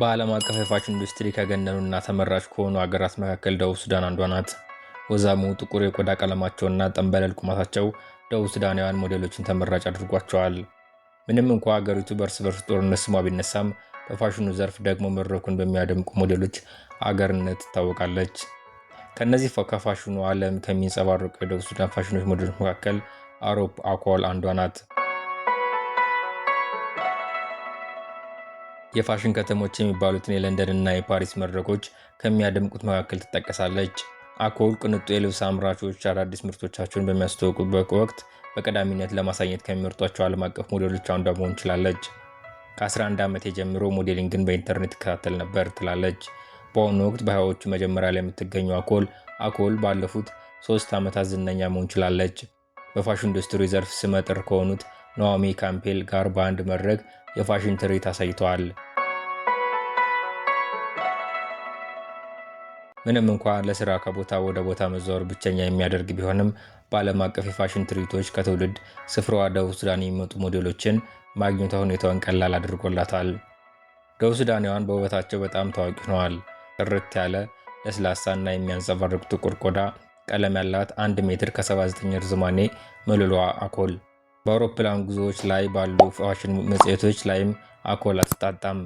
በዓለም አቀፍ የፋሽን ኢንዱስትሪ ከገነኑና ተመራጭ ከሆኑ ሀገራት መካከል ደቡብ ሱዳን አንዷ ናት። ወዛሙ ጥቁር የቆዳ ቀለማቸውና ጠንበለል ቁመታቸው ደቡብ ሱዳናውያን ሞዴሎችን ተመራጭ አድርጓቸዋል። ምንም እንኳ ሀገሪቱ በእርስ በርስ ጦርነት ስሟ ቢነሳም በፋሽኑ ዘርፍ ደግሞ መድረኩን በሚያደምቁ ሞዴሎች አገርነት ትታወቃለች። ከእነዚህ ከፋሽኑ ዓለም ከሚንጸባረቁ የደቡብ ሱዳን ፋሽኖች ሞዴሎች መካከል አሮፕ አኳል አንዷ ናት። የፋሽን ከተሞች የሚባሉትን የለንደን እና የፓሪስ መድረኮች ከሚያደምቁት መካከል ትጠቀሳለች። አኮል ቅንጡ የልብስ አምራቾች አዳዲስ ምርቶቻቸውን በሚያስተዋውቁበት ወቅት በቀዳሚነት ለማሳየት ከሚመርጧቸው ዓለም አቀፍ ሞዴሎች አንዷ መሆን ችላለች። ከ11 ዓመት የጀምሮ ሞዴሊንግን በኢንተርኔት ይከታተል ነበር ትላለች። በአሁኑ ወቅት በሀያዎቹ መጀመሪያ ላይ የምትገኘው አኮል አኮል ባለፉት ሶስት ዓመታት ዝነኛ መሆን ችላለች። በፋሽን ኢንዱስትሪ ዘርፍ ስመጥር ከሆኑት ናኦሚ ካምፔል ጋር በአንድ መድረክ የፋሽን ትርኢት አሳይተዋል። ምንም እንኳ ለስራ ከቦታ ወደ ቦታ መዛወር ብቸኛ የሚያደርግ ቢሆንም በዓለም አቀፍ የፋሽን ትርኢቶች ከትውልድ ስፍራዋ ደቡብ ሱዳን የሚመጡ ሞዴሎችን ማግኘቷ ሁኔታውን ቀላል አድርጎላታል። ደቡብ ሱዳናውያን በውበታቸው በጣም ታዋቂ ሆነዋል። ጥርት ያለ ለስላሳና የሚያንጸባርቅ ጥቁር ቆዳ ቀለም ያላት 1 ሜትር ከ79 ርዝማኔ መልሏ አኮል በአውሮፕላን ጉዞዎች ላይ ባሉ ፋሽን መጽሔቶች ላይም አኮል አትጣጣም።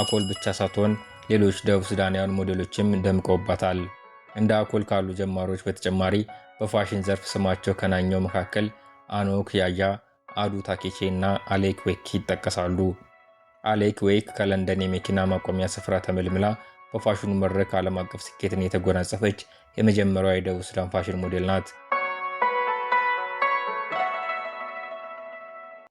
አኮል ብቻ ሳትሆን ሌሎች ደቡብ ሱዳናውያን ሞዴሎችም ደምቀውባታል። እንደ አኮል ካሉ ጀማሪዎች በተጨማሪ በፋሽን ዘርፍ ስማቸው ከናኘው መካከል አኖክ ያያ፣ አዱ ታኬቼ እና አሌክ ዌክ ይጠቀሳሉ። አሌክ ዌክ ከለንደን የመኪና ማቆሚያ ስፍራ ተመልምላ በፋሽኑ መድረክ ዓለም አቀፍ ስኬትን የተጎናጸፈች የመጀመሪያዋ የደቡብ ሱዳን ፋሽን ሞዴል ናት።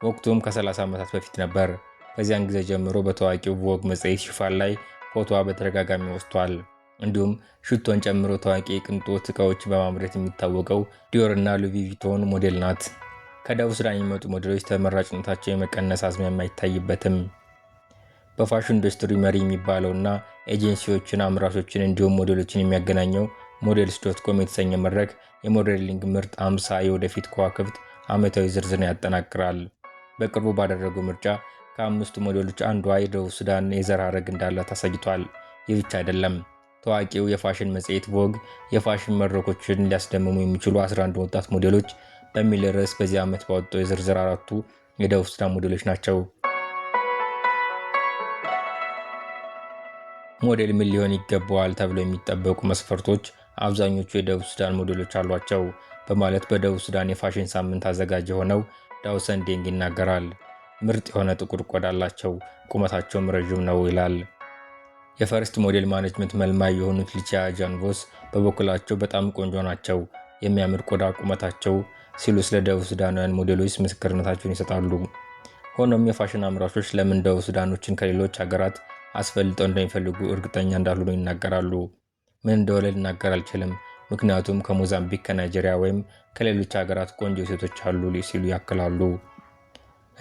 ወቅቱም ከ30 ዓመታት በፊት ነበር። ከዚያን ጊዜ ጀምሮ በታዋቂው ቮግ መጽሔት ሽፋን ላይ ፎቶዋ በተደጋጋሚ ወስቷል። እንዲሁም ሽቶን ጨምሮ ታዋቂ የቅንጦት እቃዎች በማምረት የሚታወቀው ዲዮር እና ሉዊ ቪቶን ሞዴል ናት። ከደቡብ ሱዳን የሚመጡ ሞዴሎች ተመራጭነታቸው የመቀነስ አዝማሚያ አይታይበትም። በፋሽን ኢንዱስትሪ መሪ የሚባለውና ኤጀንሲዎችን፣ አምራቾችን እንዲሁም ሞዴሎችን የሚያገናኘው ሞዴልስ ዶት ኮም የተሰኘ መድረክ የሞዴሊንግ ምርጥ አምሳ የወደፊት ከዋክብት ዓመታዊ ዝርዝርን ያጠናቅራል። በቅርቡ ባደረገው ምርጫ ከአምስቱ ሞዴሎች አንዷ የደቡብ ሱዳን የዘር ሐረግ እንዳላት አሳይቷል። ይህ ብቻ አይደለም። ታዋቂው የፋሽን መጽሔት ቮግ የፋሽን መድረኮችን ሊያስደምሙ የሚችሉ 11 ወጣት ሞዴሎች በሚል ርዕስ በዚህ ዓመት ባወጣው የዝርዝር አራቱ የደቡብ ሱዳን ሞዴሎች ናቸው። ሞዴል ምን ሊሆን ይገባዋል ተብለው የሚጠበቁ መስፈርቶች አብዛኞቹ የደቡብ ሱዳን ሞዴሎች አሏቸው በማለት በደቡብ ሱዳን የፋሽን ሳምንት አዘጋጅ የሆነው ዳውሰን ዴንግ ይናገራል። ምርጥ የሆነ ጥቁር ቆዳ አላቸው፣ ቁመታቸውም ረዥም ነው ይላል። የፈርስት ሞዴል ማኔጅመንት መልማይ የሆኑት ሊቺያ ጃንቮስ በበኩላቸው በጣም ቆንጆ ናቸው፣ የሚያምር ቆዳ ቁመታቸው ሲሉ ስለ ደቡብ ሱዳናውያን ሞዴሎች ምስክርነታቸውን ይሰጣሉ። ሆኖም የፋሽን አምራቾች ለምን ደቡብ ሱዳኖችን ከሌሎች ሀገራት አስፈልጠው እንደሚፈልጉ እርግጠኛ እንዳልሆኑ ይናገራሉ። ምን እንደሆነ ልናገር አልችልም ምክንያቱም ከሞዛምቢክ፣ ከናይጄሪያ ወይም ከሌሎች ሀገራት ቆንጆ ሴቶች አሉ ሲሉ ያክላሉ።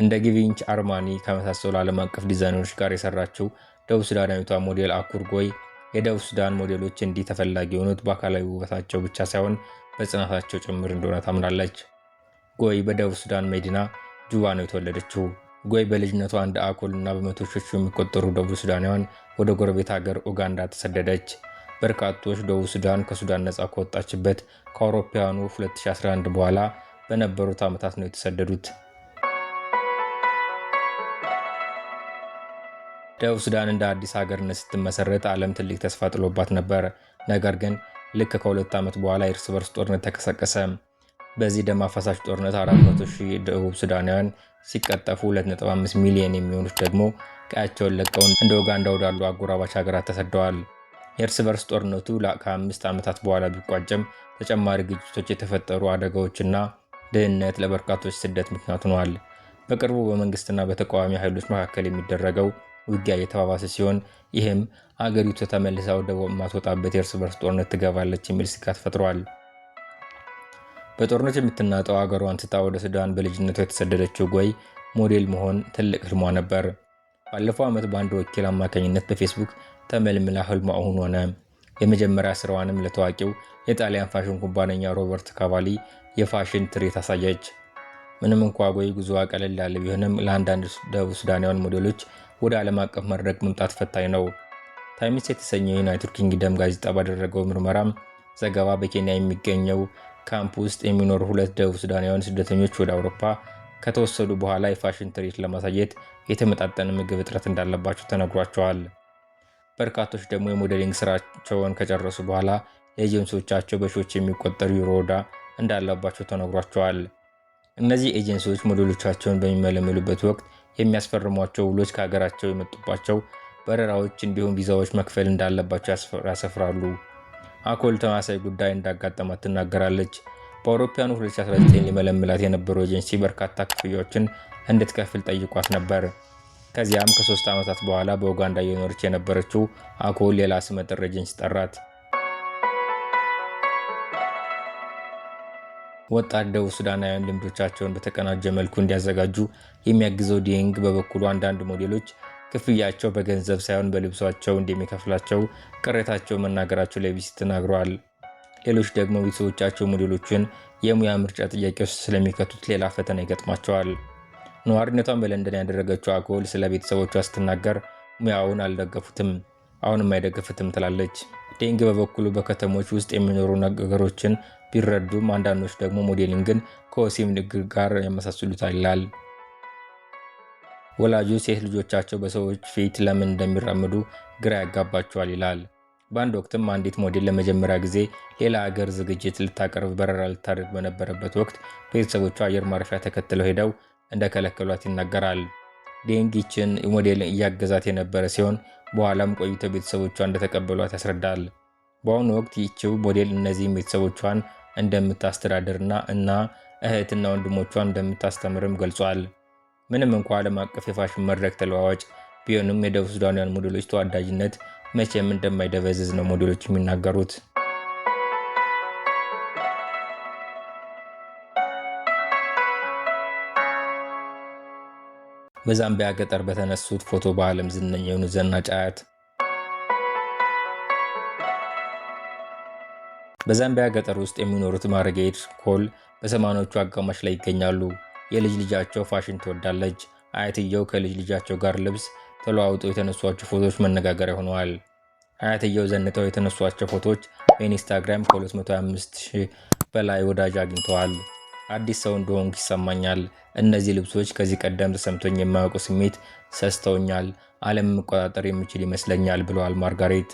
እንደ ጊቪንች አርማኒ ከመሳሰሉ ዓለም አቀፍ ዲዛይነሮች ጋር የሰራችው ደቡብ ሱዳናዊቷ ሞዴል አኩርጎይ የደቡብ ሱዳን ሞዴሎች እንዲህ ተፈላጊ የሆኑት በአካላዊ ውበታቸው ብቻ ሳይሆን በጽናታቸው ጭምር እንደሆነ ታምናለች። ጎይ በደቡብ ሱዳን መዲና ጁባ ነው የተወለደችው። ጎይ በልጅነቷ እንደ አኮል እና በመቶ ሺዎች የሚቆጠሩ ደቡብ ሱዳናውያን ወደ ጎረቤት ሀገር ኡጋንዳ ተሰደደች። በርካቶች ደቡብ ሱዳን ከሱዳን ነፃ ከወጣችበት ከአውሮፓውያኑ 2011 በኋላ በነበሩት ዓመታት ነው የተሰደዱት። ደቡብ ሱዳን እንደ አዲስ ሀገርነት ስትመሰረት ዓለም ትልቅ ተስፋ ጥሎባት ነበር። ነገር ግን ልክ ከሁለት ዓመት በኋላ የእርስ በርስ ጦርነት ተቀሰቀሰ። በዚህ ደም አፋሳሽ ጦርነት 400 ሺህ ደቡብ ሱዳናውያን ሲቀጠፉ 2.5 ሚሊዮን የሚሆኑት ደግሞ ቀያቸውን ለቀው እንደ ኡጋንዳ ወዳሉ አጎራባች ሀገራት ተሰደዋል። የእርስ በርስ ጦርነቱ ከአምስት ዓመታት በኋላ ቢቋጨም ተጨማሪ ግጭቶች፣ የተፈጠሩ አደጋዎችና ድህነት ለበርካቶች ስደት ምክንያት ሆነዋል። በቅርቡ በመንግስትና በተቃዋሚ ኃይሎች መካከል የሚደረገው ውጊያ እየተባባሰ ሲሆን ይህም አገሪቱ ተመልሳ ወደ ማትወጣበት የእርስ በርስ ጦርነት ትገባለች የሚል ስጋት ፈጥሯል። በጦርነት የምትናጠው አገሯን ስታ ወደ ሱዳን በልጅነቷ የተሰደደችው ጎይ ሞዴል መሆን ትልቅ ህልሟ ነበር። ባለፈው ዓመት በአንድ ወኪል አማካኝነት በፌስቡክ ተመልምላ ህልሟ እውን ሆነ። የመጀመሪያ ስራዋንም ለታዋቂው የጣሊያን ፋሽን ኩባንያ ሮበርት ካቫሊ የፋሽን ትርኢት አሳየች። ምንም እንኳ ጎይ ጉዞዋ ቀለል ያለ ቢሆንም ለአንዳንድ ደቡብ ሱዳናውያን ሞዴሎች ወደ ዓለም አቀፍ መድረክ መምጣት ፈታኝ ነው። ታይምስ የተሰኘው ዩናይትድ ኪንግደም ጋዜጣ ባደረገው ምርመራም ዘገባ በኬንያ የሚገኘው ካምፕ ውስጥ የሚኖሩ ሁለት ደቡብ ሱዳናውያን ስደተኞች ወደ አውሮፓ ከተወሰዱ በኋላ የፋሽን ትርኢት ለማሳየት የተመጣጠነ ምግብ እጥረት እንዳለባቸው ተነግሯቸዋል። በርካቶች ደግሞ የሞዴሊንግ ስራቸውን ከጨረሱ በኋላ ኤጀንሲዎቻቸው በሺዎች የሚቆጠሩ ዩሮ ዕዳ እንዳለባቸው ተነግሯቸዋል። እነዚህ ኤጀንሲዎች ሞዴሎቻቸውን በሚመለመሉበት ወቅት የሚያስፈርሟቸው ውሎች ከሀገራቸው የመጡባቸው በረራዎች እንዲሁም ቪዛዎች መክፈል እንዳለባቸው ያሰፍራሉ። አኮል ተማሳይ ጉዳይ እንዳጋጠማት ትናገራለች። በአውሮፓውያኑ 2019 ሊመለምላት የነበረው ኤጀንሲ በርካታ ክፍያዎችን እንድትከፍል ጠይቋት ነበር። ከዚያም ከሶስት ዓመታት በኋላ በኡጋንዳ እየኖረች የነበረችው አኮ ሌላ ስመ ጥር ጠራት። ወጣት ደቡብ ሱዳናውያን ልምዶቻቸውን በተቀናጀ መልኩ እንዲያዘጋጁ የሚያግዘው ዲንግ በበኩሉ አንዳንድ ሞዴሎች ክፍያቸው በገንዘብ ሳይሆን በልብሷቸው እንደሚከፍላቸው ቅሬታቸው መናገራቸው ለቢቢሲ ተናግረዋል። ሌሎች ደግሞ ቤተሰቦቻቸው ሞዴሎችን የሙያ ምርጫ ጥያቄዎች ስለሚከቱት ሌላ ፈተና ይገጥማቸዋል። ነዋሪነቷን በለንደን ያደረገችው አኮል ስለ ቤተሰቦቿ ስትናገር ሙያውን አልደገፉትም፣ አሁንም አይደግፉትም ትላለች። ዴንግ በበኩሉ በከተሞች ውስጥ የሚኖሩ ነገሮችን ቢረዱም አንዳንዶች ደግሞ ሞዴሊንግን ከወሲብ ንግድ ጋር ያመሳስሉታል ይላል። ወላጆች ሴት ልጆቻቸው በሰዎች ፊት ለምን እንደሚራምዱ ግራ ያጋባቸዋል ይላል። በአንድ ወቅትም አንዲት ሞዴል ለመጀመሪያ ጊዜ ሌላ ሀገር ዝግጅት ልታቀርብ በረራ ልታደርግ በነበረበት ወቅት ቤተሰቦቿ አየር ማረፊያ ተከትለው ሄደው እንደከለከሏት ይናገራል። ዴንጊችን ሞዴልን እያገዛት የነበረ ሲሆን በኋላም ቆይቶ ቤተሰቦቿ እንደተቀበሏት ያስረዳል። በአሁኑ ወቅት ይቺው ሞዴል እነዚህም ቤተሰቦቿን እንደምታስተዳድርና እና እህትና ወንድሞቿን እንደምታስተምርም ገልጿል። ምንም እንኳ ዓለም አቀፍ የፋሽን መድረክ ተለዋዋጭ ቢሆንም የደቡብ ሱዳንያን ሞዴሎች ተወዳጅነት መቼም እንደማይደበዝዝ ነው ሞዴሎች የሚናገሩት። በዛምቢያ ገጠር በተነሱት ፎቶ በዓለም ዝነኛ የሆኑ ዘናጭ አያት በዛምቢያ ገጠር ውስጥ የሚኖሩት ማርጌት ኮል በሰማኖቹ አጋማሽ ላይ ይገኛሉ። የልጅ ልጃቸው ፋሽን ትወዳለች። አያትየው ከልጅ ልጃቸው ጋር ልብስ ተለዋውጠው የተነሷቸው ፎቶዎች መነጋገሪያ ሆነዋል። አያትየው ዘንጠው የተነሷቸው ፎቶዎች በኢንስታግራም ከ225 በላይ ወዳጅ አግኝተዋል። አዲስ ሰው እንደሆንኩ ይሰማኛል። እነዚህ ልብሶች ከዚህ ቀደም ተሰምቶኝ የማያውቁ ስሜት ሰስተውኛል። ዓለም መቆጣጠር የምችል ይመስለኛል ብለዋል ማርጋሬት።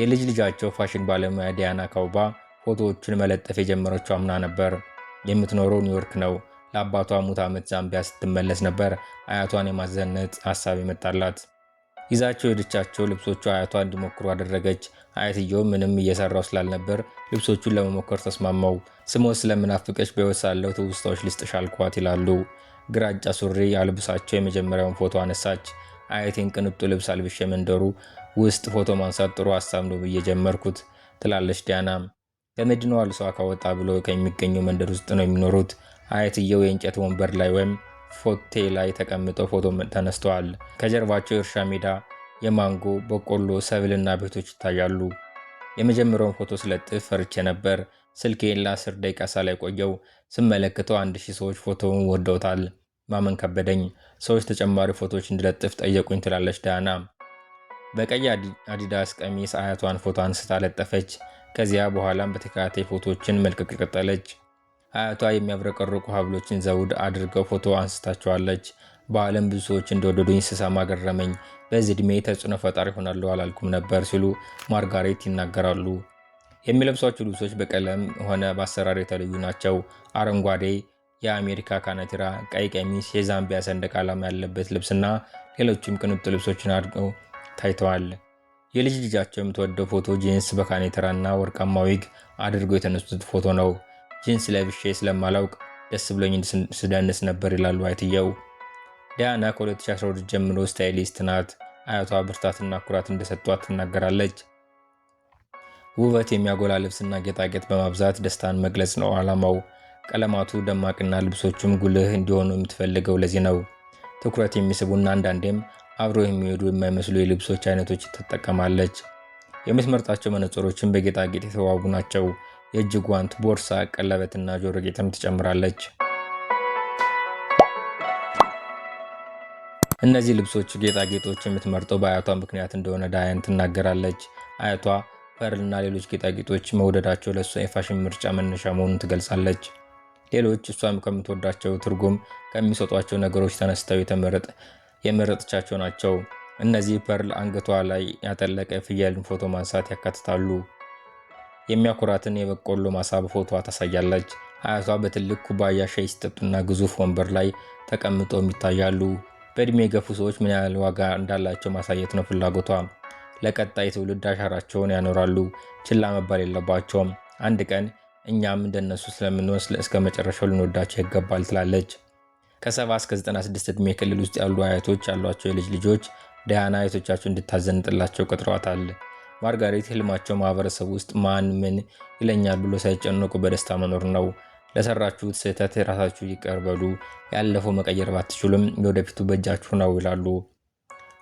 የልጅ ልጃቸው ፋሽን ባለሙያ ዲያና ካውባ ፎቶዎቹን መለጠፍ የጀመረችው አምና ነበር። የምትኖረው ኒውዮርክ ነው። ለአባቷ ሙት ዓመት ዛምቢያ ስትመለስ ነበር አያቷን የማዘነጥ ሀሳብ ይመጣላት። ይዛቸው የደቻቸው ልብሶቹ አያቷ እንዲሞክሩ አደረገች። አያትየው ምንም እየሰራው ስላልነበር ልብሶቹን ለመሞከር ተስማማው። ስሞት ስለምናፍቀች በሕይወት ሳለሁ ትውስታዎች ልስጥሽ አልኳት ይላሉ። ግራጫ ሱሪ አልብሳቸው የመጀመሪያውን ፎቶ አነሳች። አያቴን ቅንጡ ልብስ አልብሼ መንደሩ ውስጥ ፎቶ ማንሳት ጥሩ ሀሳብ ነው ብዬ ጀመርኩት ትላለች ዲያና። ከመዲናዋ ልሷ ካወጣ ብሎ ከሚገኘው መንደር ውስጥ ነው የሚኖሩት። አያትየው የእንጨት ወንበር ላይ ወይም ፎቴ ላይ ተቀምጠው ፎቶ ተነስተዋል። ከጀርባቸው የእርሻ ሜዳ፣ የማንጎ በቆሎ ሰብልና ቤቶች ይታያሉ። የመጀመሪያውን ፎቶ ስለጥፍ ፈርቼ ነበር። ስልኬን ለአስር ደቂቃ ሳላይ ቆየው። ስመለከተው አንድ ሺህ ሰዎች ፎቶውን ወደውታል። ማመን ከበደኝ። ሰዎች ተጨማሪ ፎቶዎች እንድለጥፍ ጠየቁኝ ትላለች ዳና። በቀይ አዲዳስ ቀሚስ አያቷን ፎቶ አንስታ ለጠፈች። ከዚያ በኋላም በተከታታይ ፎቶዎችን መልቀቅ ቀጠለች። አያቷ የሚያብረቀርቁ ሀብሎችን ዘውድ አድርገው ፎቶ አንስታቸዋለች። በዓለም ብዙ ሰዎች እንደወደዱኝ ስሰማ ገረመኝ። በዚህ ዕድሜ ተጽዕኖ ፈጣሪ ሆናለሁ አላልኩም ነበር ሲሉ ማርጋሬት ይናገራሉ። የሚለብሷቸው ልብሶች በቀለም ሆነ በአሰራር የተለዩ ናቸው። አረንጓዴ የአሜሪካ ካናቲራ፣ ቀይ ቀሚስ፣ የዛምቢያ ሰንደቅ ዓላማ ያለበት ልብስና ሌሎችም ቅንጡ ልብሶችን አድርገው ታይተዋል። የልጅ ልጃቸው የምትወደው ፎቶ ጂንስ በካኔተራና ወርቃማ ዊግ አድርገው የተነሱት ፎቶ ነው። ጂንስ ለብሼ ስለማላውቅ ደስ ብሎኝ ስደንስ ነበር ይላሉ አይትየው። ዳያና ከ2012 ጀምሮ ስታይሊስት ናት። አያቷ ብርታትና ኩራት እንደሰጧት ትናገራለች። ውበት የሚያጎላ ልብስና ጌጣጌጥ በማብዛት ደስታን መግለጽ ነው ዓላማው። ቀለማቱ ደማቅና ልብሶቹም ጉልህ እንዲሆኑ የምትፈልገው ለዚህ ነው። ትኩረት የሚስቡና አንዳንዴም አብሮ የሚሄዱ የማይመስሉ የልብሶች አይነቶች ትጠቀማለች። የምትመርጣቸው መነጽሮችን በጌጣጌጥ የተዋቡ ናቸው። የእጅ ጓንት፣ ቦርሳ፣ ቀለበትና ጆሮ ጌጥም ትጨምራለች። እነዚህ ልብሶች፣ ጌጣጌጦች የምትመርጠው በአያቷ ምክንያት እንደሆነ ዳያን ትናገራለች። አያቷ ፐርልና ሌሎች ጌጣጌጦች መውደዳቸው ለእሷ የፋሽን ምርጫ መነሻ መሆኑን ትገልጻለች። ሌሎች እሷም ከምትወዳቸው ትርጉም ከሚሰጧቸው ነገሮች ተነስተው የመረጥቻቸው ናቸው። እነዚህ ፐርል አንገቷ ላይ ያጠለቀ ፍየልን ፎቶ ማንሳት ያካትታሉ። የሚያኩራትን የበቆሎ ማሳ ፎቶዋ ታሳያለች። አያቷ በትልቅ ኩባያ ሻይ ሲጠጡና ግዙፍ ወንበር ላይ ተቀምጠውም ይታያሉ። በእድሜ የገፉ ሰዎች ምን ያህል ዋጋ እንዳላቸው ማሳየት ነው ፍላጎቷ። ለቀጣይ ትውልድ አሻራቸውን ያኖራሉ። ችላ መባል የለባቸውም። አንድ ቀን እኛም እንደነሱ ስለምንወስ እስከ መጨረሻው ልንወዳቸው ይገባል ትላለች። ከ70 እስከ 96 ዕድሜ ክልል ውስጥ ያሉ አያቶች ያሏቸው የልጅ ልጆች ዳያና አያቶቻቸው እንድታዘንጥላቸው ቀጥረዋታል። ማርጋሬት ህልማቸው ማህበረሰብ ውስጥ ማን ምን ይለኛል ብሎ ሳይጨነቁ በደስታ መኖር ነው። ለሰራችሁት ስህተት ራሳችሁ ይቀርበሉ። ያለፈው መቀየር ባትችሉም የወደፊቱ በእጃችሁ ነው ይላሉ።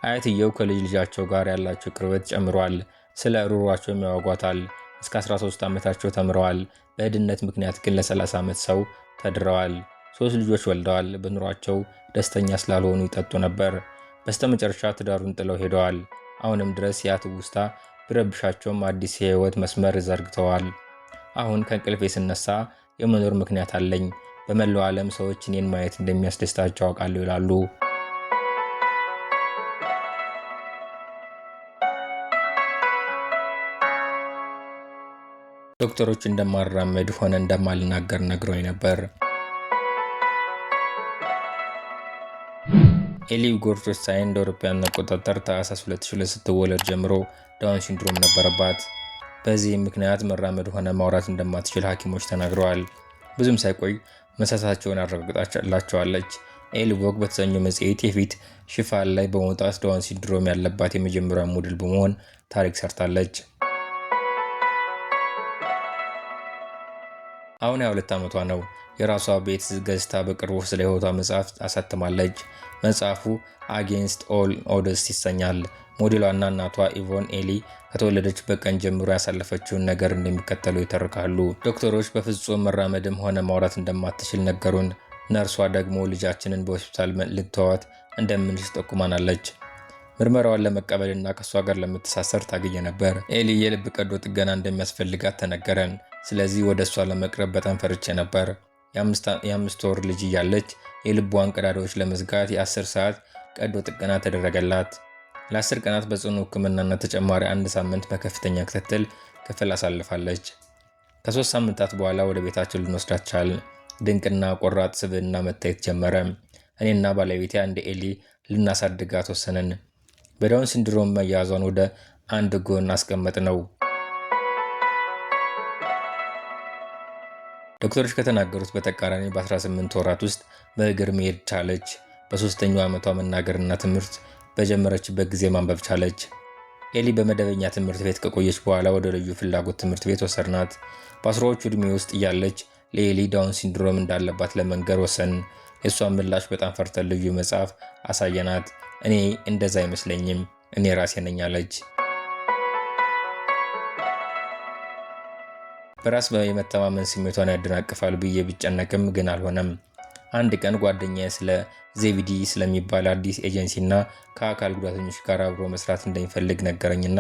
አያትየው ከልጅ ልጃቸው ጋር ያላቸው ቅርበት ጨምሯል። ስለ ሩሯቸውም ያዋጓታል። እስከ 13 ዓመታቸው ተምረዋል። በድህነት ምክንያት ግን ለ30 ዓመት ሰው ተድረዋል። ሶስት ልጆች ወልደዋል። በኑሯቸው ደስተኛ ስላልሆኑ ይጠጡ ነበር። በስተመጨረሻ ትዳሩን ጥለው ሄደዋል። አሁንም ድረስ ያ ትውስታ ብረብሻቸውም አዲስ የህይወት መስመር ዘርግተዋል። አሁን ከእንቅልፌ ስነሳ የመኖር ምክንያት አለኝ። በመላው ዓለም ሰዎች እኔን ማየት እንደሚያስደስታቸው አውቃለሁ ይላሉ። ዶክተሮች እንደማራመድ ሆነ እንደማልናገር ነግሮኝ ነበር። ኤሊ ጎርቶሳይን እንደ አውሮፓውያን አቆጣጠር ታህሳስ 2002 ስትወለድ ጀምሮ ዳውን ሲንድሮም ነበረባት። በዚህም ምክንያት መራመድ ሆነ ማውራት እንደማትችል ሐኪሞች ተናግረዋል። ብዙም ሳይቆይ መሳሳቸውን አረጋግጣላቸዋለች። ኤልቦግ በተሰኘው መጽሔት የፊት ሽፋን ላይ በመውጣት ዳውን ሲንድሮም ያለባት የመጀመሪያ ሞዴል በመሆን ታሪክ ሰርታለች። አሁን 22 ዓመቷ ነው። የራሷ ቤት ገዝታ በቅርቡ ስለ መጽሐፍ አሳትማለች። መጽሐፉ አጌንስት ኦል ኦደስ ይሰኛል። ሞዴሏና እናቷ ኢቮን ኤሊ ከተወለደች በቀን ጀምሮ ያሳለፈችውን ነገር እንደሚከተለው ይተርካሉ። ዶክተሮች በፍጹም መራመድም ሆነ ማውራት እንደማትችል ነገሩን። ነርሷ ደግሞ ልጃችንን በሆስፒታል ልትተዋት እንደምንችል ጠቁማናለች። ምርመራዋን ለመቀበልና ከእሷ ጋር ለመተሳሰር ታገኘ ነበር። ኤሊ የልብ ቀዶ ጥገና እንደሚያስፈልጋት ተነገረን። ስለዚህ ወደ እሷ ለመቅረብ በጣም ፈርቼ ነበር። የአምስት ወር ልጅ እያለች የልቧን ቀዳዳዎች ለመዝጋት የ10 ሰዓት ቀዶ ጥገና ተደረገላት። ለ10 ቀናት በጽኑ ህክምናና ተጨማሪ አንድ ሳምንት በከፍተኛ ክትትል ክፍል አሳልፋለች። ከሶስት ሳምንታት በኋላ ወደ ቤታችን ልንወስዳት ቻልን። ድንቅና ቆራጥ ስብዕና መታየት ጀመረ። እኔና ባለቤቴ እንደ ኤሊ ልናሳድጋት ወሰንን። በዳውን ሲንድሮም መያዟን ወደ አንድ ጎን አስቀመጥ ነው። ዶክተሮች ከተናገሩት በተቃራኒ በ18 ወራት ውስጥ በእግር መሄድ ቻለች። በሶስተኛው ዓመቷ መናገርና ትምህርት በጀመረችበት ጊዜ ማንበብ ቻለች። ኤሊ በመደበኛ ትምህርት ቤት ከቆየች በኋላ ወደ ልዩ ፍላጎት ትምህርት ቤት ወሰድናት። በአስራዎቹ ዕድሜ ውስጥ እያለች ለኤሊ ዳውን ሲንድሮም እንዳለባት ለመንገር ወሰን የእሷን ምላሽ በጣም ፈርተን ልዩ መጽሐፍ አሳየናት። እኔ እንደዛ አይመስለኝም፣ እኔ ራሴ ነኝ አለች። በራስ የመተማመን ስሜቷን ያደናቅፋል ብዬ ብጨነቅም ግን አልሆነም። አንድ ቀን ጓደኛዬ ስለ ዜቪዲ ስለሚባል አዲስ ኤጀንሲና ከአካል ጉዳተኞች ጋር አብሮ መስራት እንደሚፈልግ ነገረኝና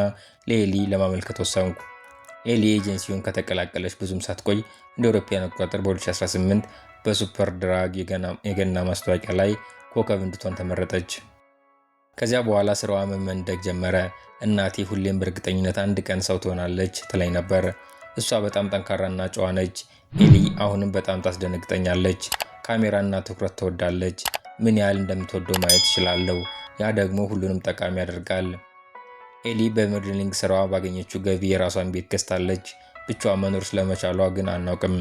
ለኤሊ ለማመልከት ወሰንኩ። ኤሊ ኤጀንሲውን ከተቀላቀለች ብዙም ሳትቆይ እንደ አውሮፓውያን አቆጣጠር በ2018 በሱፐር ድራግ የገና ማስታወቂያ ላይ ኮከብ እንድትሆን ተመረጠች። ከዚያ በኋላ ስራዋ መመንደግ ጀመረ። እናቴ ሁሌም በእርግጠኝነት አንድ ቀን ሰው ትሆናለች ትለኝ ነበር። እሷ በጣም ጠንካራና ጨዋ ነች። ኤሊ አሁንም በጣም ታስደነግጠኛለች። ካሜራና ትኩረት ትወዳለች። ምን ያህል እንደምትወደው ማየት እችላለሁ። ያ ደግሞ ሁሉንም ጠቃሚ ያደርጋል። ኤሊ በሞዴሊንግ ስራዋ ባገኘችው ገቢ የራሷን ቤት ገዝታለች። ብቻዋ መኖር ስለመቻሏ ግን አናውቅም።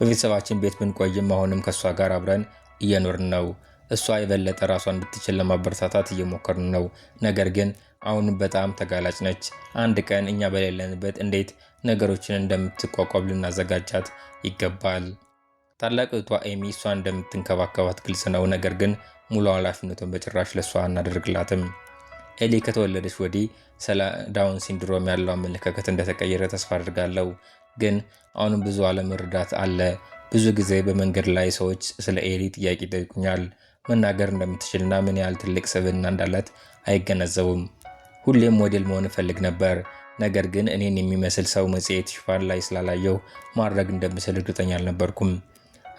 በቤተሰባችን ቤት ብንቆይም አሁንም ከእሷ ጋር አብረን እየኖርን ነው። እሷ የበለጠ ራሷን እንድትችል ለማበረታታት እየሞከርን ነው። ነገር ግን አሁንም በጣም ተጋላጭ ነች። አንድ ቀን እኛ በሌለንበት እንዴት ነገሮችን እንደምትቋቋም ልናዘጋጃት ይገባል። ታላቅ እህቷ ኤሚ እሷ እንደምትንከባከባት ግልጽ ነው። ነገር ግን ሙሉ ኃላፊነቱን በጭራሽ ለእሷ አናደርግላትም። ኤሊ ከተወለደች ወዲህ ስለ ዳውን ሲንድሮም ያለው አመለካከት እንደተቀየረ ተስፋ አድርጋለሁ። ግን አሁንም ብዙ አለመረዳት አለ። ብዙ ጊዜ በመንገድ ላይ ሰዎች ስለ ኤሊ ጥያቄ ይጠይቁኛል። መናገር እንደምትችልና ምን ያህል ትልቅ ስብዕና እንዳላት አይገነዘቡም። ሁሌም ሞዴል መሆን እፈልግ ነበር፣ ነገር ግን እኔን የሚመስል ሰው መጽሔት ሽፋን ላይ ስላላየው ማድረግ እንደምችል እርግጠኛ አልነበርኩም።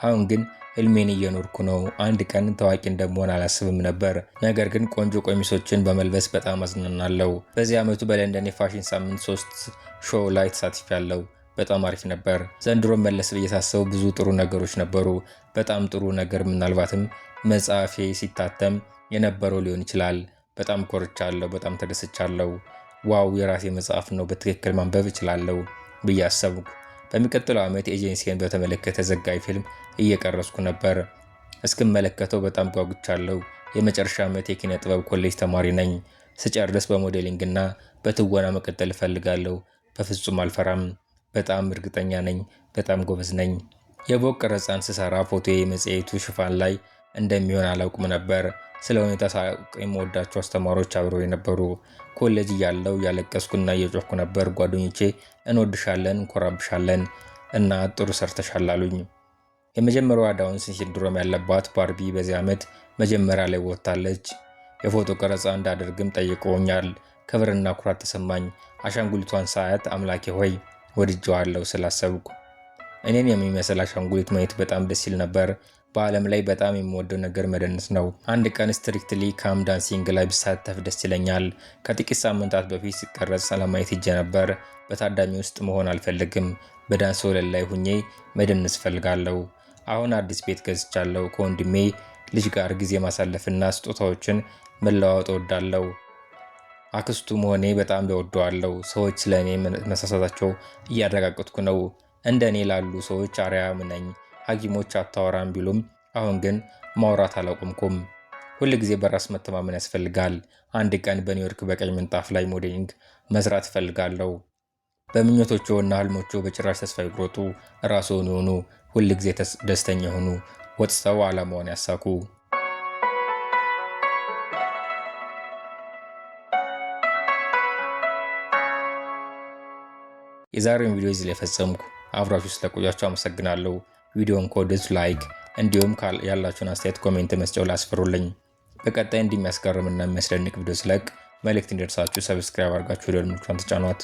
አሁን ግን ህልሜን እየኖርኩ ነው። አንድ ቀን ታዋቂ እንደመሆን አላስብም ነበር፣ ነገር ግን ቆንጆ ቀሚሶችን በመልበስ በጣም አዝናናለሁ። በዚህ ዓመቱ በለንደን የፋሽን ሳምንት ሶስት ሾው ላይ ተሳትፊያለሁ። በጣም አሪፍ ነበር። ዘንድሮ መለስ ብዬ ሳስበው ብዙ ጥሩ ነገሮች ነበሩ። በጣም ጥሩ ነገር ምናልባትም መጽሐፌ ሲታተም የነበረው ሊሆን ይችላል። በጣም ኮርቻለሁ፣ በጣም ተደስቻለሁ። ዋው የራሴ መጽሐፍ ነው በትክክል ማንበብ እችላለሁ ብዬ አሰብኩ። በሚቀጥለው ዓመት ኤጀንሲን በተመለከተ ዘጋቢ ፊልም እየቀረስኩ ነበር። እስክመለከተው በጣም ጓጉቻለሁ። የመጨረሻ ዓመት የኪነ ጥበብ ኮሌጅ ተማሪ ነኝ። ስጨርስ በሞዴሊንግና በትወና መቀጠል እፈልጋለሁ። በፍጹም አልፈራም። በጣም እርግጠኛ ነኝ። በጣም ጎበዝ ነኝ። የቦቅ ቀረጻን ስሰራ ፎቶ የመጽሔቱ ሽፋን ላይ እንደሚሆን አላውቅም ነበር። ስለ ሁኔታ ሳቅ የምወዳቸው አስተማሪዎች አብረው የነበሩ። ኮሌጅ እያለው እያለቀስኩና እየጮኩ ነበር። ጓደኞቼ እንወድሻለን፣ እንኮራብሻለን እና ጥሩ ሰርተሻል አሉኝ። የመጀመሪያዋ ዳውን ሲንድሮም ያለባት ባርቢ በዚህ ዓመት መጀመሪያ ላይ ወጥታለች። የፎቶ ቀረጻ እንዳደርግም ጠይቀውኛል። ክብርና ኩራት ተሰማኝ። አሻንጉሊቷን ሳያት አምላኬ ሆይ ወድጀዋለሁ ስላሰብኩ እኔን የሚመስል አሻንጉሊት ማየት በጣም ደስ ይል ነበር። በዓለም ላይ በጣም የምወደው ነገር መደነስ ነው። አንድ ቀን ስትሪክትሊ ካም ዳንሲንግ ላይ ብሳተፍ ደስ ይለኛል። ከጥቂት ሳምንታት በፊት ሲቀረጽ ለማየት ሄጄ ነበር። በታዳሚ ውስጥ መሆን አልፈልግም። በዳንስ ወለል ላይ ሁኜ መደነስ እፈልጋለሁ። አሁን አዲስ ቤት ገዝቻለሁ። ከወንድሜ ልጅ ጋር ጊዜ ማሳለፍና ስጦታዎችን መለዋወጥ እወዳለሁ። አክስቱ መሆኔ በጣም እወደዋለሁ። ሰዎች ስለ እኔ መሳሳታቸው እያረጋገጥኩ ነው። እንደ እኔ ላሉ ሰዎች አርያም ነኝ። ሐኪሞች አታወራም ቢሉም አሁን ግን ማውራት አላቆምኩም። ሁል ጊዜ በራስ መተማመን ያስፈልጋል። አንድ ቀን በኒውዮርክ በቀይ ምንጣፍ ላይ ሞዴሊንግ መስራት እፈልጋለሁ። በምኞቶቹ እና ህልሞቹ በጭራሽ ተስፋ ይቁረጡ። ራስዎን ይሁኑ። ሁል ጊዜ ደስተኛ ይሁኑ። ወጥተው ዓላማውን ያሳኩ። የዛሬውን ቪዲዮ እዚህ ላይ ፈጸምኩ። አብራችሁ ስለቆያችሁ አመሰግናለሁ። ቪዲዮን ከወደዙ ላይክ፣ እንዲሁም ያላችሁን አስተያየት ኮሜንት መስጫው ላይ ላስፈሩልኝ። በቀጣይ እንዲህ የሚያስገርምና የሚያስደንቅ ቪዲዮ ስለቅ መልእክት እንዲደርሳችሁ ሰብስክራይብ አድርጋችሁ ደወል ምልክቱን ተጫኗት።